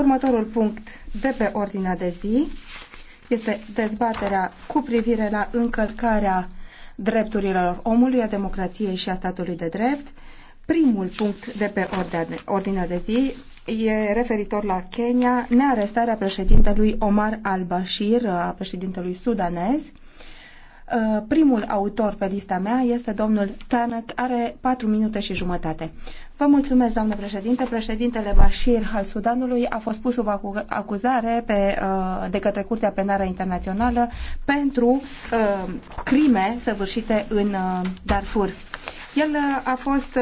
Următorul punct de pe ordinea de zi este dezbaterea cu privire la încălcarea drepturilor omului, a democrației și a statului de drept. Primul punct de pe ordinea de zi e referitor la Kenya, nearestarea președintelui Omar al-Bashir, președintelui sudanez. Uh, primul autor pe lista mea este domnul Tanak, are 4 minute și jumătate. Vă mulțumesc, doamnă președinte. Președintele Bashir al Sudanului a fost pus sub acuzare pe, uh, de către Curtea Penală Internațională pentru uh, crime săvârșite în Darfur. El a fost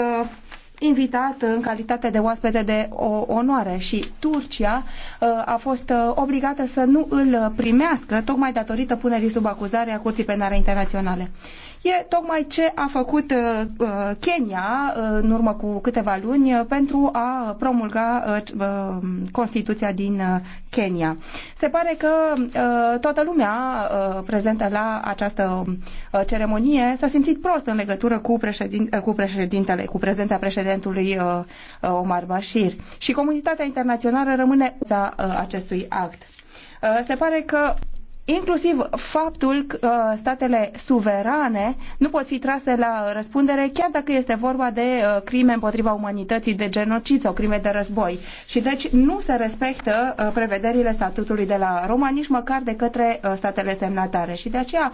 invitat în calitate de oaspete de o onoare și Turcia uh, a fost uh, obligată să nu îl primească tocmai datorită punerii sub acuzare a Curții Penale Internaționale e tocmai ce a făcut uh, uh, Kenya uh, în urmă cu câteva luni pentru a promulga Constituția din Kenya. Se pare că toată lumea prezentă la această ceremonie s-a simțit prost în legătură cu, președin, cu președintele, cu prezența președintelui Omar Bashir. Și comunitatea internațională rămâne acestui act. Se pare că inclusiv faptul că uh, statele suverane nu pot fi trase la răspundere chiar dacă este vorba de uh, crime împotriva umanității, de genocid sau crime de război. Și deci nu se respectă uh, prevederile statutului de la Roma nici măcar de către statele semnatare. Și de aceea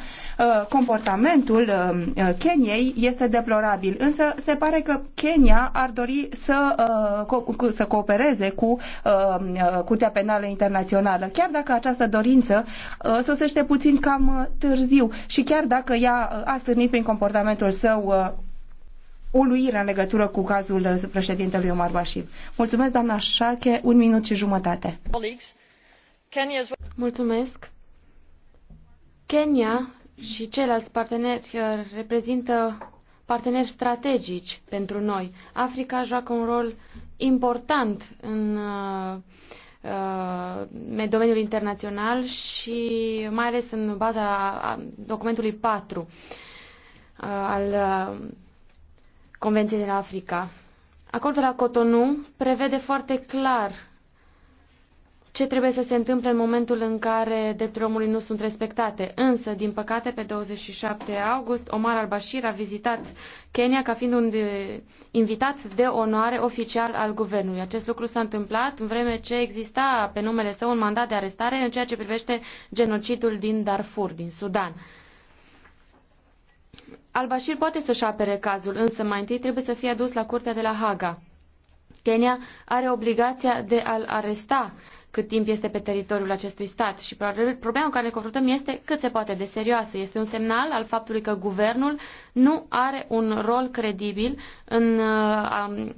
comportamentul Keniei este deplorabil. Însă se pare că Kenya ar dori să, să coopereze cu Curtea Penală Internațională, chiar dacă această dorință sosește puțin cam uh, târziu și chiar dacă ea uh, a stârnit prin comportamentul său uh, uluire în legătură cu cazul președintelui Omar Bashir. Mulțumesc, doamna Șarche, un minut și jumătate. Mulțumesc. Kenya și ceilalți parteneri reprezintă parteneri strategici pentru noi. Africa joacă un rol important în uh, Uh, domeniul internațional și mai ales în baza documentului 4 uh, al uh, Convenției din Africa. Acordul la Cotonou prevede foarte clar ce trebuie să se întâmple în momentul în care drepturile omului nu sunt respectate. Însă, din păcate, pe 27 august, Omar al-Bashir a vizitat Kenya ca fiind un de, eh, invitat de onoare oficial al guvernului. Acest lucru s-a întâmplat în vreme ce exista pe numele său un mandat de arestare în ceea ce privește genocidul din Darfur, din Sudan. Al-Bashir poate să-și apere cazul, însă mai întâi trebuie să fie adus la curtea de la Haga. Kenya are obligația de a-l aresta cât timp este pe teritoriul acestui stat. Și problema cu care ne confruntăm este cât se poate de serioasă. Este un semnal al faptului că guvernul nu are un rol credibil în uh,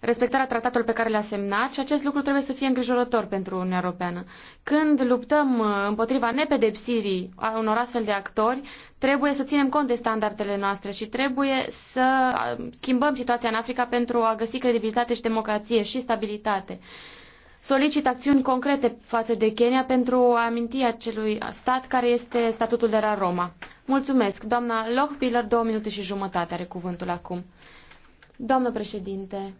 respectarea tratatului pe care le-a semnat și acest lucru trebuie să fie îngrijorător pentru Uniunea Europeană. Când luptăm uh, împotriva nepedepsirii a unor astfel de actori, trebuie să ținem cont de standardele noastre și trebuie să uh, schimbăm situația în Africa pentru a găsi credibilitate și democrație și stabilitate. Uh, solicit acțiuni concrete față de Kenya pentru a aminti acelui stat care este statutul de la Roma. Mulțumesc. Doamna Lochbiller, două minute și jumătate are cuvântul acum. Doamnă președinte,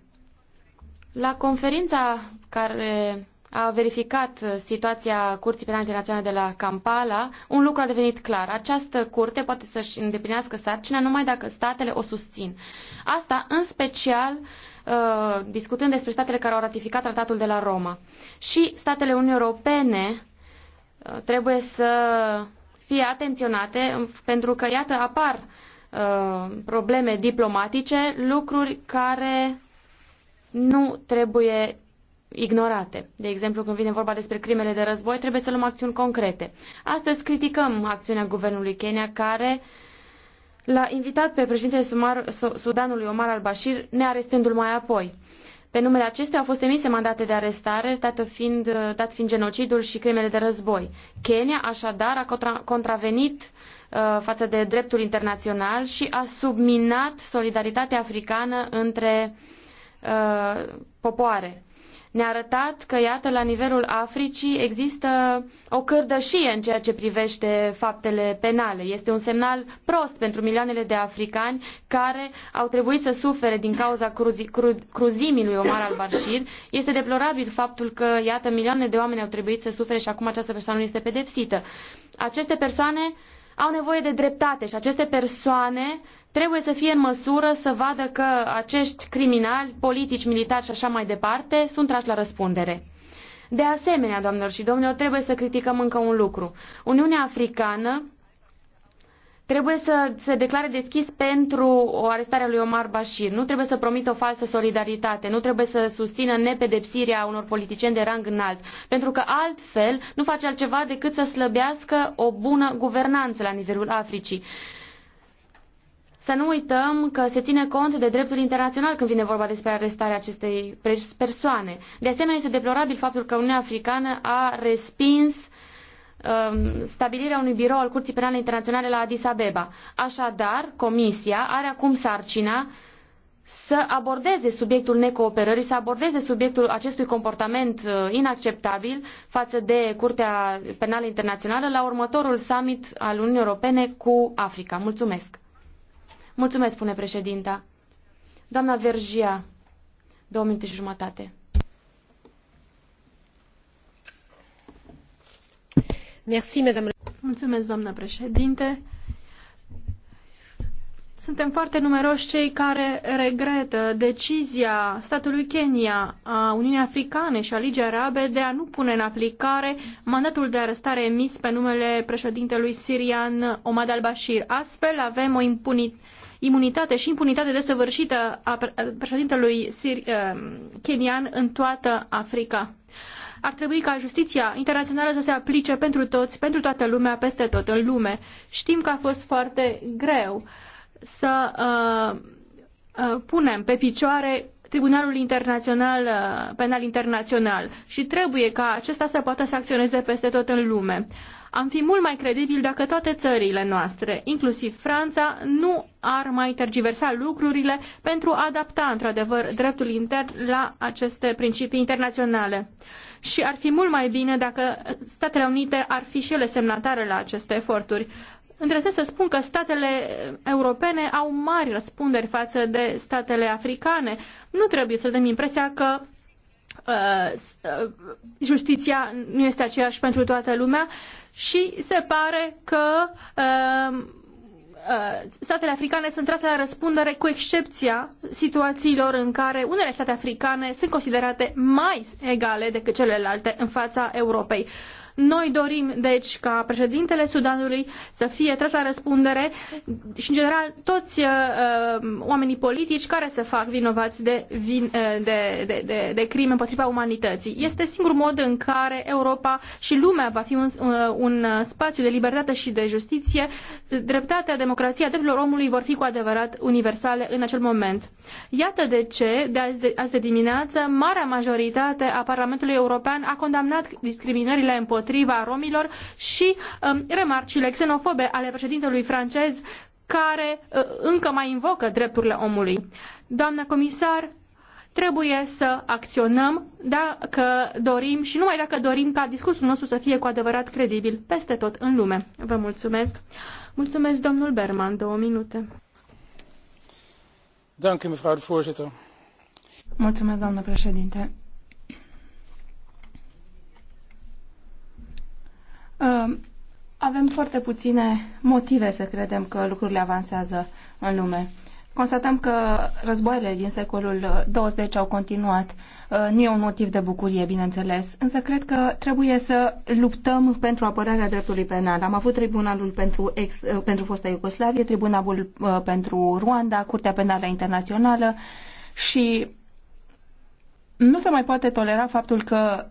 la conferința care a verificat uh, situația Curții Penale Internaționale de la Kampala, un lucru a devenit clar. Această curte poate să-și îndeplinească sarcina numai dacă statele o susțin. Asta în special uh, discutând despre statele care au ratificat tratatul de la Roma. Și statele Uniunii Europene uh, trebuie să fie atenționate um, pentru că, iată, apar probleme diplomatice, lucruri care nu trebuie ignorate. De exemplu, când vine vorba despre crimele de război, trebuie să luăm acțiuni concrete. Astăzi criticăm acțiunea guvernului Kenya care l-a invitat pe președintele Sumar, Sudanului Omar al-Bashir, nearestându-l mai apoi. Pe numele acestea au fost emise mandate de arestare, dată fiind, dat fiind genocidul și crimele de război. Kenya, așadar, a contra, contravenit uh, față de dreptul internațional și a subminat solidaritatea africană între uh, popoare ne-a arătat că, iată, la nivelul Africii există o cărdășie în ceea ce privește faptele penale. Este un semnal prost pentru milioanele de africani care au trebuit să sufere din cauza cruzi, cru, cruzimii lui Omar al-Bashir. Este deplorabil faptul că, iată, milioane de oameni au trebuit să sufere și acum această persoană nu este pedepsită. Aceste persoane au nevoie de dreptate și aceste persoane trebuie să fie în măsură să vadă că acești criminali, politici, militari și așa mai departe sunt trași la răspundere. De asemenea, doamnelor și domnilor, trebuie să criticăm încă un lucru. Uniunea Africană trebuie să se declare deschis pentru o arestare a lui Omar Bashir. Nu trebuie să promită o falsă solidaritate, nu trebuie să susțină nepedepsirea unor politicieni de rang înalt, pentru că altfel nu face altceva decât să slăbească o bună guvernanță la nivelul Africii. Să nu uităm că se ține cont de dreptul internațional când vine vorba despre arestarea acestei persoane. De asemenea, este deplorabil faptul că Uniunea Africană a respins Um, stabilirea unui birou al Curții Penale Internaționale la Addis Abeba. Așadar, Comisia are acum sarcina să abordeze subiectul necooperării, să abordeze subiectul acestui comportament uh, inacceptabil față de Curtea Penală Internațională la următorul summit al Uniunii Europene cu Africa. Mulțumesc! Mulțumesc, spune președinta. Doamna Vergia, două minute și jumătate. Mulțumesc, președinte. Suntem foarte numeroși cei care regretă decizia statului Kenya, a Uniunii Africane și a Ligii Arabe de a nu pune în aplicare mandatul de arestare emis pe numele președintelui sirian Omad al-Bashir. Astfel avem o imunitate și impunitate desăvârșită a președintelui sir- eh, kenian în toată Africa ar trebui ca justiția internațională să se aplice pentru toți, pentru toată lumea, peste tot în lume. Știm că a fost foarte greu să uh, uh, punem pe picioare Tribunalul Internațional, uh, Penal Internațional și trebuie ca acesta să poată să acționeze peste tot în lume. Uh, am fi mult mai credibil dacă toate țările noastre, inclusiv Franța, nu ar mai tergiversa lucrurile pentru a adapta, într-adevăr, dreptul intern la aceste principii internaționale. Și ar fi mult mai bine dacă Statele Unite ar fi și ele semnatare la aceste eforturi. Îndrăznesc să spun că statele europene au mari răspunderi față de statele africane. Nu trebuie să dăm impresia că uh, uh justiția nu este aceeași pentru toată lumea și se pare că um, uh, statele africane sunt trase la răspundere cu excepția situațiilor în care unele state africane sunt considerate mai egale decât celelalte în fața Europei. Noi dorim, deci, ca președintele Sudanului să fie tras la răspundere și, în general, toți uh, oamenii politici care se fac vinovați de, vin, uh, de, de, de, de crime împotriva umanității. Este singurul mod în care Europa și lumea va fi un, uh, un spațiu de libertate și de justiție. Dreptatea, democrația, drepturilor omului vor fi cu adevărat universale în acel moment. Iată de ce, de azi de, azi de dimineață, marea majoritate a Parlamentului European a condamnat discriminările împotriva împotriva romilor și um, remarcile xenofobe ale președintelui francez care uh, încă mai invocă drepturile omului. Doamna comisar, trebuie să acționăm dacă dorim și numai dacă dorim ca discursul nostru să fie cu adevărat credibil peste tot în lume. Vă mulțumesc. Mulțumesc, domnul Berman, două minute. Mulțumesc, doamnă președinte. Avem foarte puține motive să credem că lucrurile avansează în lume. Constatăm că războaiele din secolul 20 uh, au continuat. Uh, nu e un motiv de bucurie, bineînțeles, însă cred că trebuie să luptăm pentru apărarea dreptului penal. Am avut tribunalul pentru, ex, uh, pentru fosta Iugoslavie, tribunalul pentru Ruanda, Curtea Penală Internațională și nu se mai poate tolera faptul că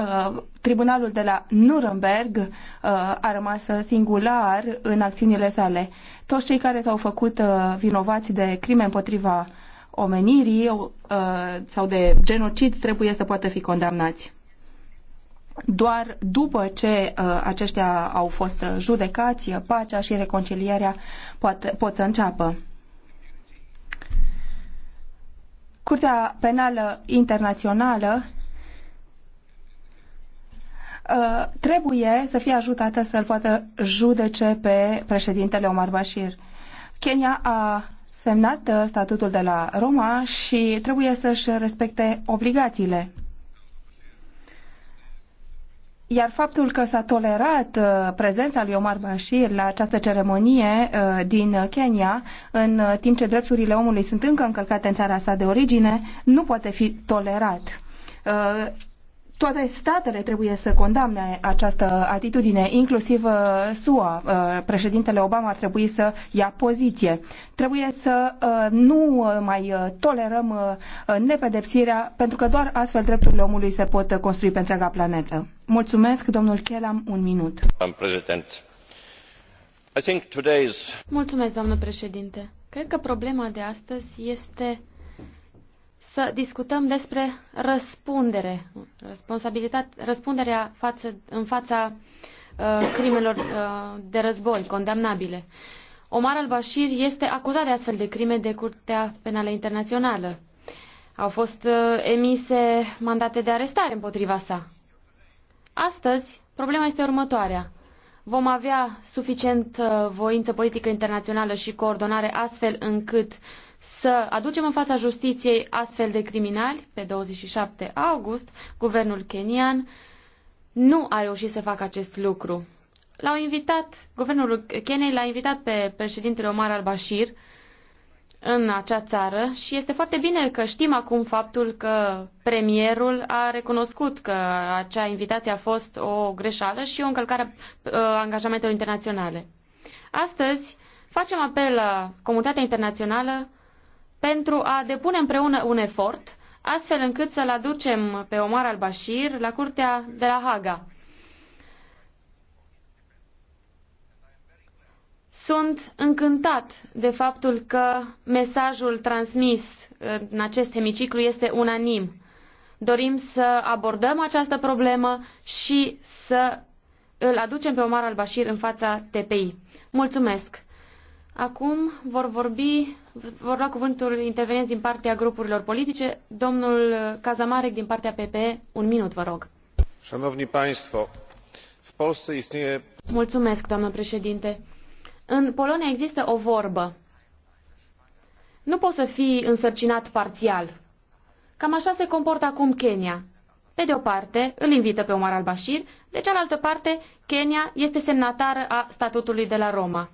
Uh, tribunalul de la Nuremberg uh, a rămas singular în acțiunile sale. Toți cei care s-au făcut uh, vinovați de crime împotriva omenirii sau de genocid trebuie să poată fi condamnați. Doar după ce uh, aceștia au fost judecați, pacea și reconcilierea poate, pot să înceapă. Curtea Penală Internațională Uh, trebuie să fie ajutată să-l poată judece pe președintele Omar Bashir. Kenya a semnat uh, statutul de la Roma și trebuie să-și respecte obligațiile. Iar faptul că s-a tolerat uh, prezența lui Omar Bashir la această ceremonie din Kenya, în timp ce drepturile omului sunt încă încălcate în țara sa de origine, nu poate fi tolerat toate statele trebuie să condamne această atitudine, inclusiv uh, SUA. Uh, președintele Obama ar trebui să ia poziție. Trebuie să uh, nu mai tolerăm nepedepsirea, pentru că doar astfel drepturile omului se pot construi pe întreaga planetă. Mulțumesc, domnul Chelam, un minut. Mulțumesc, doamnă președinte. Cred că problema de astăzi este să discutăm despre răspundere, responsabilitate, răspunderea față, în fața uh, crimelor uh, de război condamnabile. Omar al-Bashir este acuzat de astfel de crime de Curtea Penală Internațională. Au fost uh, emise mandate de arestare împotriva sa. Astăzi, problema este următoarea. Vom avea suficient uh, voință politică internațională și coordonare astfel încât să aducem în fața justiției astfel de criminali. Pe 27 august, guvernul kenian nu a reușit să facă acest lucru. L-au invitat, guvernul Keniei l-a invitat pe președintele Omar al-Bashir în acea țară și este foarte bine că știm acum faptul că premierul a recunoscut că acea invitație a fost o greșeală și o încălcare a uh, angajamentelor internaționale. Astăzi facem apel la comunitatea internațională pentru a depune împreună un efort, astfel încât să-l aducem pe Omar al-Bashir la curtea de la Haga. Sunt încântat de faptul că mesajul transmis în acest hemiciclu este unanim. Dorim să abordăm această problemă și să îl aducem pe Omar al-Bashir în fața TPI. Mulțumesc! Acum vor vorbi, vor lua cuvântul intervenienți din partea grupurilor politice. Domnul Cazamarec din partea PP, un minut, vă rog. Szanowni Państwo, w Polsce istnieje... Mulțumesc, doamnă președinte. În Polonia există o vorbă. Nu poți să fii însărcinat parțial. Cam așa se comportă acum Kenya. Pe de o parte, îl invită pe Omar al-Bashir, de cealaltă parte, Kenya este semnatară a statutului de la Roma.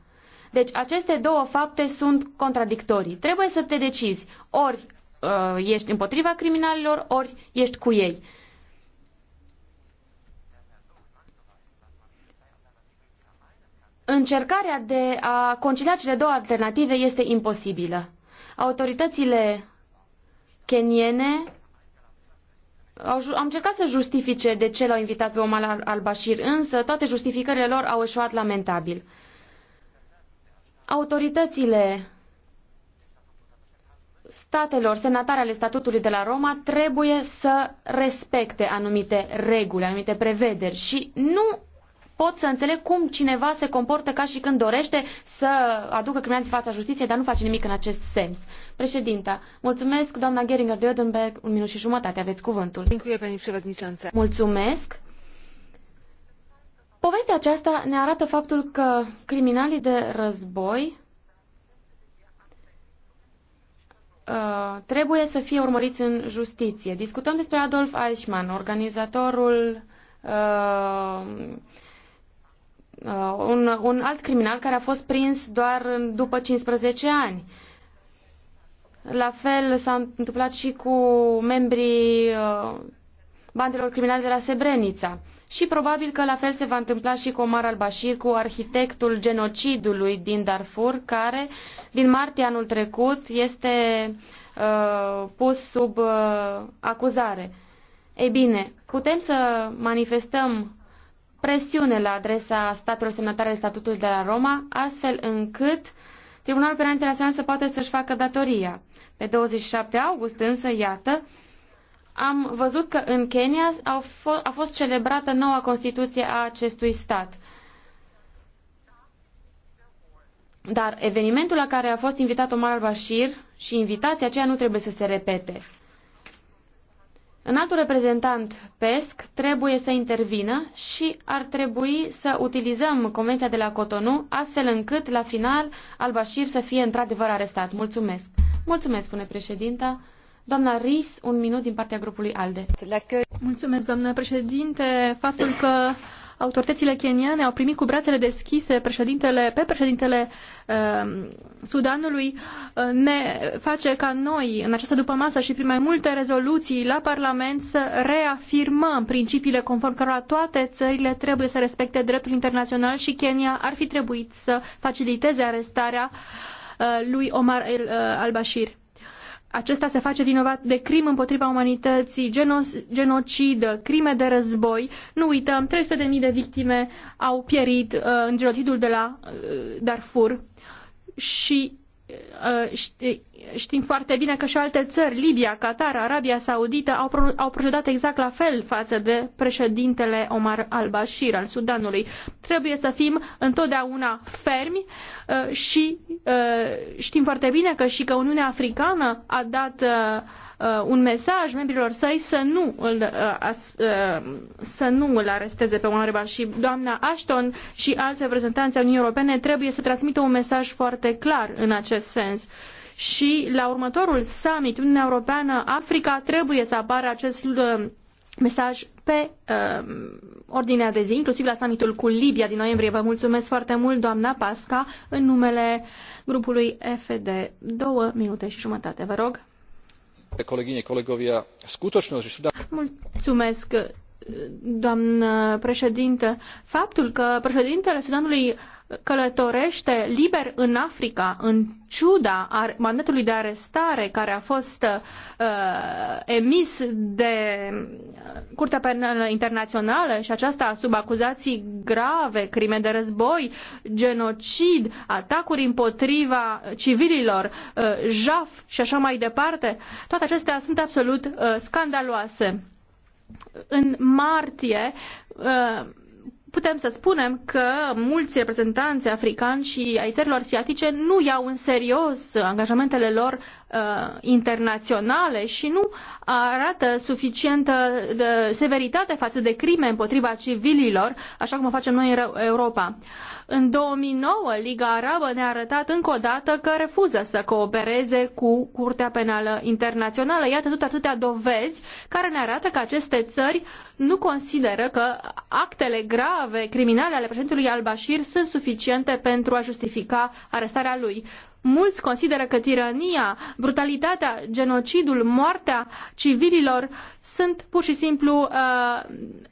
Deci aceste două fapte sunt contradictorii. Trebuie să te decizi. Ori uh, ești împotriva criminalilor, ori ești cu ei. Încercarea de a concilia cele două alternative este imposibilă. Autoritățile keniene am încercat să justifice de ce l-au invitat pe Omar al-Bashir, însă toate justificările lor au eșuat lamentabil autoritățile statelor semnatare ale statutului de la Roma trebuie să respecte anumite reguli, anumite prevederi și nu pot să înțeleg cum cineva se comportă ca și când dorește să aducă criminali în fața justiției, dar nu face nimic în acest sens. Președinta, mulțumesc, doamna Geringer de Oedenberg, un minut și jumătate, aveți cuvântul. Mulțumesc. Povestea aceasta ne arată faptul că criminalii de război uh, trebuie să fie urmăriți în justiție. Discutăm despre Adolf Eichmann, organizatorul uh, uh un, un alt criminal care a fost prins doar după 15 ani. La fel s-a întâmplat și cu membrii uh, bandelor criminale de la Srebrenica. Uh, și probabil că la fel se va întâmpla și cu Omar al-Bashir, cu arhitectul genocidului din Darfur, care din martie anul trecut este uh, pus sub uh, acuzare. Ei bine, putem să manifestăm presiune la adresa statelor semnatare ale statutului de la Roma, astfel încât Tribunalul Penal Internațional să poată să-și facă datoria. Pe 27 august însă, iată, am văzut că în Kenya a, a fost celebrată noua Constituție a acestui stat. Dar evenimentul la care a fost invitat Omar al-Bashir și invitația aceea nu trebuie să se repete. altul reprezentant PESC trebuie să intervină și ar trebui să utilizăm Convenția de la Cotonou astfel încât la final al-Bashir să fie într-adevăr arestat. Mulțumesc. Mulțumesc, spune președinta. Doamna Ris, un minut din partea grupului ALDE. Mulțumesc, doamnă președinte. Faptul că autoritățile keniane au primit cu brațele deschise președintele, pe președintele uh, Sudanului uh, ne face ca noi, în această dupămasă și prin mai multe rezoluții la Parlament, să reafirmăm principiile conform cărora toate țările trebuie să respecte dreptul internațional și Kenya ar fi trebuit să faciliteze arestarea uh, lui Omar eh, al-Bashir acesta se face vinovat de crim împotriva umanității, genocid, crime de război. Nu uităm, 300.000 de victime au pierit uh, în genocidul de la uh, Darfur și Uh, știm foarte bine că și alte țări, Libia, Qatar, Arabia Saudită, au, au procedat exact la fel față de președintele Omar al-Bashir al Sudanului. Trebuie să fim întotdeauna fermi uh, și uh, știm foarte bine că și că Uniunea Africană a dat Uh, un mesaj membrilor săi să nu îl, uh, uh, să nu îl aresteze pe Omar Rebar și doamna Ashton și alți reprezentanți ai Uniunii Europene trebuie să transmită un mesaj foarte clar în acest sens. Și la următorul summit Uniunea Europeană-Africa trebuie să apară acest mesaj pe uh, ordinea de zi, inclusiv la summitul cu Libia din noiembrie. Vă mulțumesc foarte mult, doamna Pasca, în numele grupului FD. Două minute și jumătate, vă rog. Mulțumesc, doamnă președintă. Faptul că președintele Sudanului călătorește liber în Africa, în ciuda mandatului de arestare care a fost uh, emis de uh, Curtea Penală Internațională și aceasta sub acuzații grave, crime de război, genocid, atacuri împotriva civililor, uh, jaf și așa mai departe, toate acestea sunt absolut uh, scandaloase. În martie, uh, putem să spunem că mulți reprezentanți africani și ai țărilor asiatice nu iau în serios angajamentele lor uh, internaționale și nu arată suficientă uh, severitate față de crime împotriva civililor, așa cum o facem noi în Europa. În 2009, Liga Arabă ne-a arătat încă o dată că refuză să coopereze cu Curtea Penală Internațională. Iată tot atâtea dovezi care ne arată că aceste țări nu consideră că actele grave criminale ale președintelui al-Bashir sunt suficiente pentru a justifica arestarea lui. Mulți consideră că tirania, brutalitatea, genocidul, moartea civililor sunt pur și simplu uh,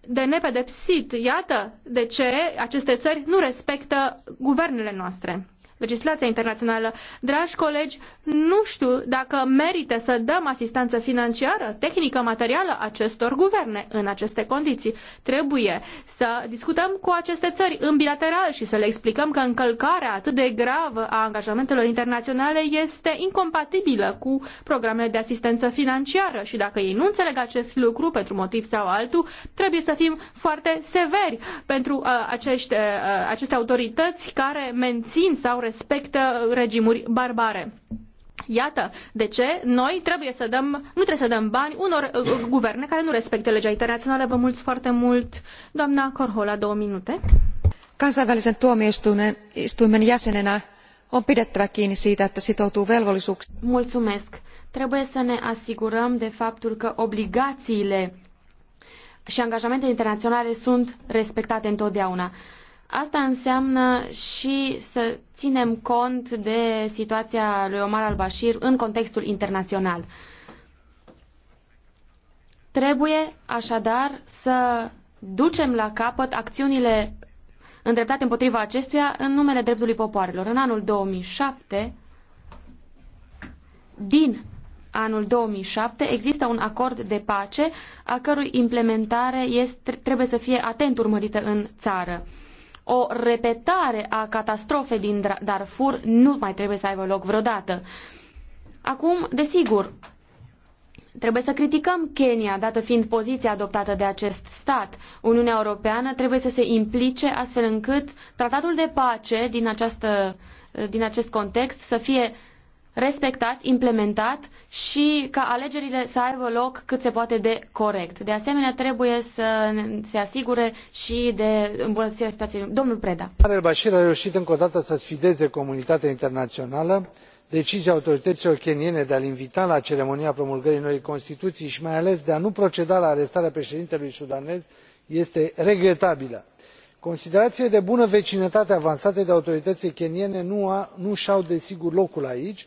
de nepedepsit. Iată de ce aceste țări nu respectă guvernele noastre legislația internațională. Dragi colegi, nu știu dacă merită să dăm asistență financiară, tehnică, materială acestor guverne în aceste condiții. Trebuie să discutăm cu aceste țări în bilateral și să le explicăm că încălcarea atât de gravă a angajamentelor internaționale este incompatibilă cu programele de asistență financiară și dacă ei nu înțeleg acest lucru pentru motiv sau altul, trebuie să fim foarte severi pentru uh, acești, uh, aceste autorități care mențin sau respectă regimuri barbare. Iată de ce noi trebuie să dăm, nu trebuie să dăm bani unor uh, guverne care nu respectă legea internațională. Vă mulțumesc foarte mult, doamna Corhola, două minute. Kansainvälisen tuomioistuimen jäsenenä on pidettävä kiinni siitä, että sitoutuu velvollisuuksiin. Mulțumesc. Trebuie să ne asigurăm de faptul că obligațiile și angajamentele internaționale sunt respectate întotdeauna. Asta înseamnă și să ținem cont de situația lui Omar al-Bashir în contextul internațional. Trebuie așadar să ducem la capăt acțiunile îndreptate împotriva acestuia în numele dreptului popoarelor. În anul 2007, din anul 2007, există un acord de pace a cărui implementare este, trebuie să fie atent urmărită în țară o repetare a catastrofei din Darfur nu mai trebuie să aibă loc vreodată. Acum, desigur, Trebuie să criticăm Kenya, dată fiind poziția adoptată de acest stat. Uniunea Europeană trebuie să se implice astfel încât tratatul de pace din, această, din acest context să fie respectat, implementat și ca alegerile să aibă loc cât se poate de corect. De asemenea, trebuie să se asigure și de îmbunătățirea situației. Domnul Preda. Marel Bashir a reușit încă o dată să sfideze comunitatea internațională. Decizia autorităților keniene de a-l invita la ceremonia promulgării noii Constituții și mai ales de a nu proceda la arestarea președintelui sudanez este regretabilă. Considerațiile de bună vecinătate avansate de autoritățile keniene nu, a, nu și-au desigur locul aici,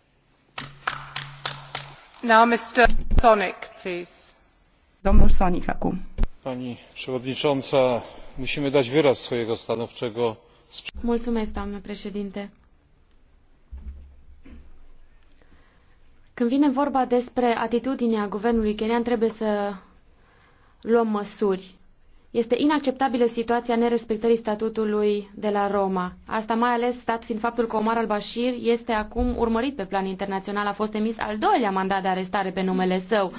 Pani przewodnicząca, musimy dać wyraz swojego stanowczego sprzeciwu doamnă președinte. Când vine vorba despre atitudinea guvernului kenian, trebuie să luăm măsuri. Este inacceptabilă situația nerespectării statutului de la Roma. Asta mai ales stat fiind faptul că Omar al-Bashir este acum urmărit pe plan internațional. A fost emis al doilea mandat de arestare pe numele său.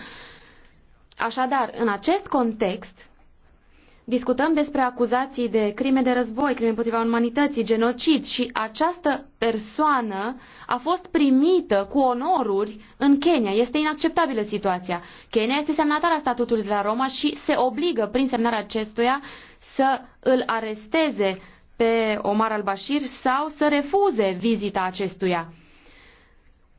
Așadar, în acest context, Discutăm despre acuzații de crime de război, crime împotriva umanității, genocid și această persoană a fost primită cu onoruri în Kenya. Este inacceptabilă situația. Kenya este semnatara statutului de la Roma și se obligă prin semnarea acestuia să îl aresteze pe Omar al-Bashir sau să refuze vizita acestuia.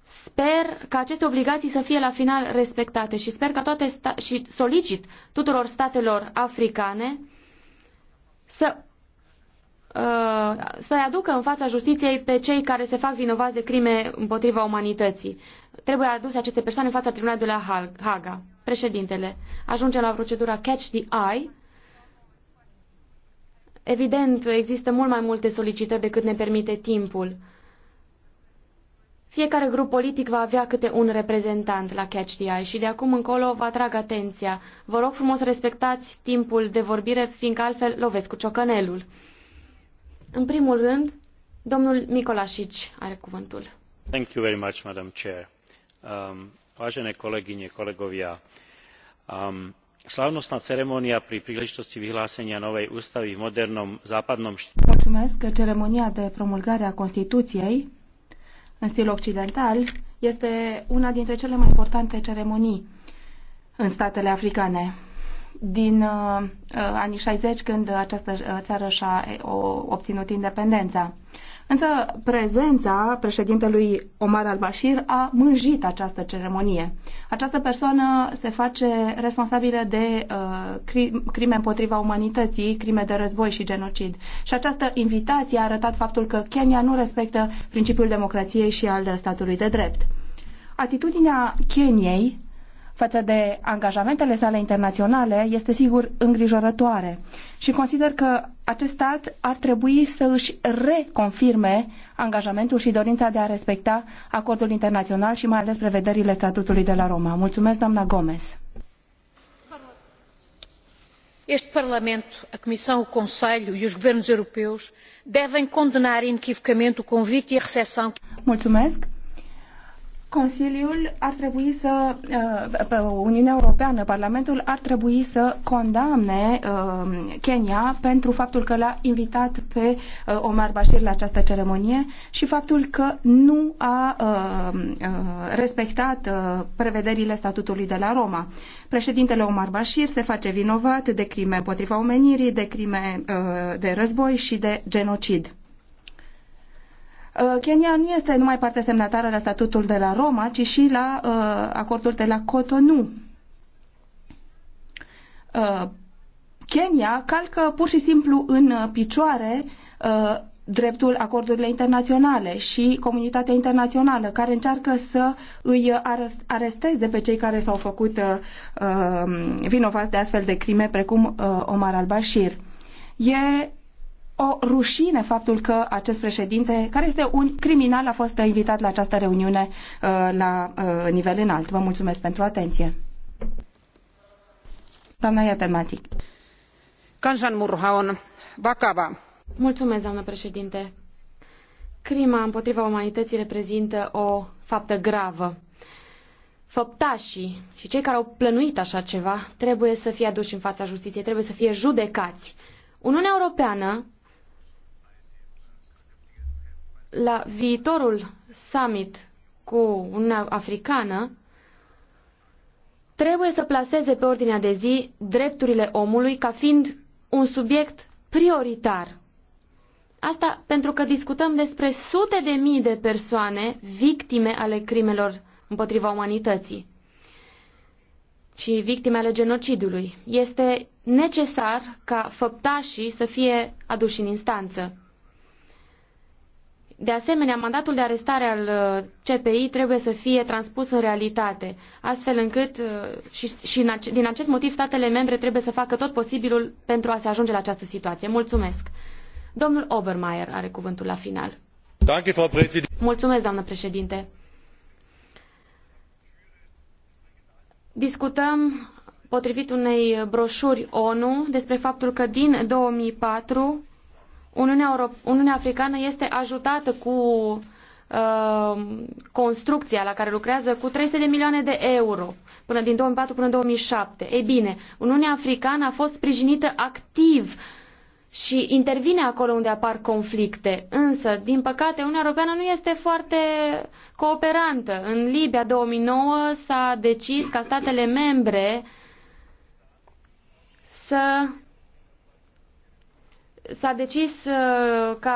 Sper ca aceste obligații să fie la final respectate și sper ca toate sta- și solicit tuturor statelor africane să uh, să-i aducă în fața justiției pe cei care se fac vinovați de crime împotriva umanității. Trebuie aduse aceste persoane în fața tribunalului de la Haga. Președintele, ajungem la procedura Catch the Eye. Evident, există mult mai multe solicitări decât ne permite timpul. Fiecare grup politic va avea câte un reprezentant la Catch the Eye și de acum încolo vă atrag atenția. Vă rog frumos respectați timpul de vorbire, fiindcă altfel lovesc cu ciocănelul. În primul rând, domnul Micolașici are cuvântul. Thank you very much, Madam Chair. Um, vážené kolegyne, kolegovia, um, slavnostná ceremonia pri príležitosti vyhlásenia novej ústavy v modernom západnom štýle. Mulțumesc, ceremonia de promulgare a Constituției în stil occidental este una dintre cele mai importante ceremonii în statele africane. Din uh, uh anii 60, când această uh, țară și-a obținut independența. Însă prezența președintelui Omar al-Bashir a mânjit această ceremonie. Această persoană se face responsabilă de uh, crime împotriva umanității, crime de război și genocid. Și această invitație a arătat faptul că Kenya nu respectă principiul democrației și al statului de drept. Atitudinea Keniei față de angajamentele sale internaționale este sigur îngrijorătoare și consider că acest stat ar trebui să își reconfirme angajamentul și dorința de a respecta acordul internațional și mai ales prevederile statutului de la Roma. Mulțumesc, doamna Gomez. Este Parlamento, a Comissão, o Conselho e os governos europeus devem condenar inequivocamente o convite e a recepção. Mulțumesc. Consiliul ar trebui să, uh, Uniunea Europeană, Parlamentul ar trebui să condamne uh, Kenya pentru faptul că l-a invitat pe uh, Omar Bashir la această ceremonie și faptul că nu a respectat prevederile statutului de la Roma. Președintele Omar Bashir se face vinovat de crime împotriva omenirii, de crime de război și de genocid Uh, Kenya nu este numai parte semnatară la statutul de la Roma, ci și la uh, acordul de la Cotonou. Uh, Kenya calcă pur și simplu în picioare dreptul acordurile internaționale și comunitatea internațională care încearcă să îi aresteze pe cei care s-au făcut uh, vinovați de astfel de crime precum uh, Omar al-Bashir. E o rușine faptul că acest președinte, care este un criminal, a fost invitat la această reuniune uh, la uh, nivel înalt. Vă mulțumesc pentru atenție. Doamna Iatematic. Kansanmurha on vakava. Mulțumesc, doamnă președinte. Crima împotriva umanității reprezintă o faptă gravă. Făptașii și cei care au plănuit așa ceva trebuie să fie aduși în fața justiției, trebuie să fie judecați. Uniunea Europeană la viitorul summit cu Uniunea Africană, trebuie să plaseze pe ordinea de zi drepturile omului ca fiind un subiect prioritar. Asta pentru că discutăm despre sute de mii de persoane victime ale crimelor împotriva umanității și victime ale genocidului. Este necesar ca făptașii să fie aduși în instanță. De asemenea, mandatul de arestare al uh, CPI trebuie să fie transpus în realitate, astfel încât uh, și, și din acest motiv statele membre trebuie să facă tot posibilul pentru a se ajunge la această situație. Mulțumesc. Domnul Obermeier are cuvântul la final. Mulțumesc, doamnă președinte. Discutăm potrivit unei broșuri ONU despre faptul că din 2004 Uniunea, Euro- Uniunea Africană este ajutată cu uh, construcția la care lucrează cu 300 de milioane de euro până din 2004 până 2007. Ei bine, Uniunea Africană a fost sprijinită activ și intervine acolo unde apar conflicte. Însă, din păcate, Uniunea Europeană nu este foarte cooperantă. În Libia 2009 s-a decis ca statele membre să s-a decis uh, ca,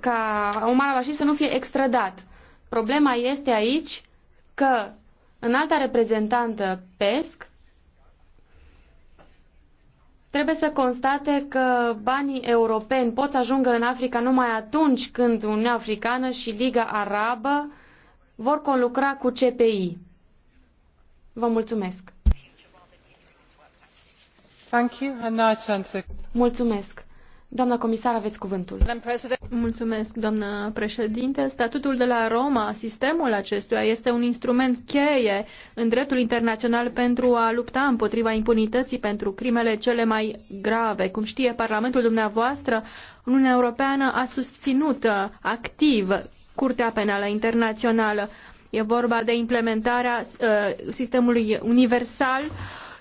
ca Omar al-Bashir să nu fie extradat. Problema este aici că în alta reprezentantă PESC trebuie să constate că banii europeni pot să ajungă în Africa numai atunci când Uniunea Africană și Liga Arabă vor conlucra cu CPI. Vă mulțumesc! Mulțumesc! Doamna comisar, aveți cuvântul. Mulțumesc, doamnă președinte. Statutul de la Roma, sistemul acestuia, este un instrument cheie în dreptul internațional pentru a lupta împotriva impunității pentru crimele cele mai grave. Cum știe Parlamentul dumneavoastră, Uniunea Europeană a susținut activ Curtea Penală Internațională. E vorba de implementarea uh, sistemului universal uh,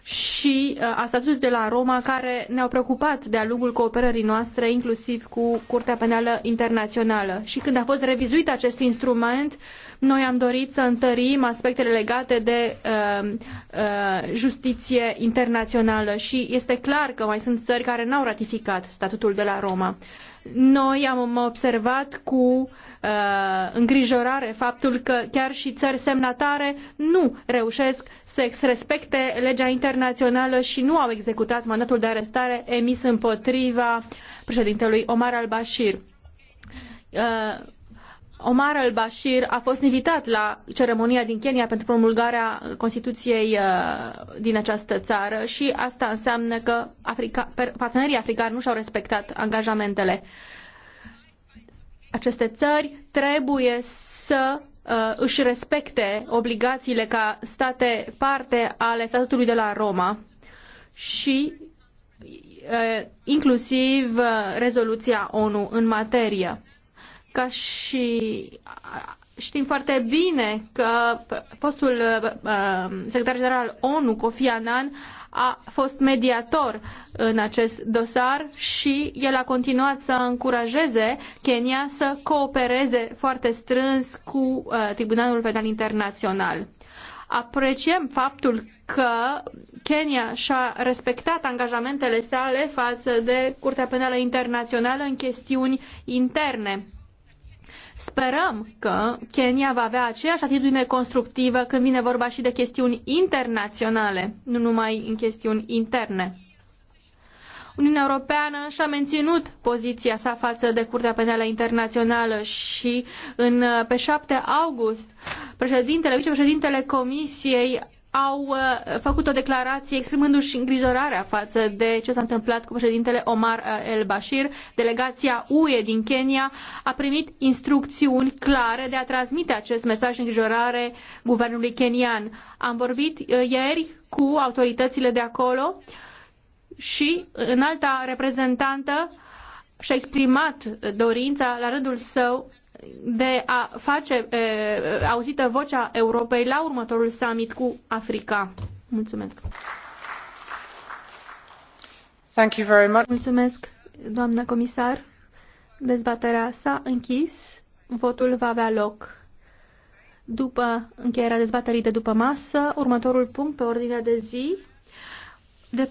și uh, a statutului de la Roma care ne-au preocupat de-a lungul cooperării noastre, inclusiv cu Curtea Penală Internațională. Și când a fost revizuit acest instrument, noi am dorit să întărim aspectele legate de uh, uh, justiție internațională și este clar că mai sunt țări care n-au ratificat statutul de la Roma. Noi am observat cu Uh, îngrijorare faptul că chiar și țări semnatare nu reușesc să respecte legea internațională și nu au executat mandatul de arestare emis împotriva președintelui Omar al-Bashir. Uh, Omar al-Bashir a fost invitat la ceremonia din Kenya pentru promulgarea Constituției uh, din această țară și asta înseamnă că Africa, partenerii africani nu și-au respectat angajamentele. Uh, aceste țări trebuie să uh, își respecte obligațiile ca state parte ale statutului de la Roma și uh, inclusiv uh, rezoluția ONU în materie. Ca și uh, știm foarte bine că fostul uh, uh, secretar general ONU, Kofi Annan, a fost mediator în acest dosar și el a continuat să încurajeze Kenya să coopereze foarte strâns cu uh, Tribunalul Penal Internațional. Apreciem faptul că Kenya și-a respectat angajamentele sale față de Curtea Penală Internațională în chestiuni interne Sperăm că Kenya va avea aceeași atitudine constructivă când vine vorba și de chestiuni internaționale, nu numai în chestiuni interne. Uniunea Europeană și-a menținut poziția sa față de Curtea Penală Internațională și în, pe 7 august președintele, vicepreședintele Comisiei au uh, făcut o declarație exprimându-și îngrijorarea față de ce s-a întâmplat cu președintele Omar uh, el-Bashir. Delegația UE din Kenya a primit instrucțiuni clare de a transmite acest mesaj de îngrijorare guvernului kenian. Am vorbit uh, ieri cu autoritățile de acolo și înalta reprezentantă și-a exprimat dorința la rândul său de a face e, auzită vocea Europei la următorul summit cu Africa. Mulțumesc! Thank you very much. Mulțumesc, doamnă comisar. Dezbaterea s-a închis. Votul va avea loc după încheierea dezbaterii de după masă. Următorul punct pe ordinea de zi. Dreptul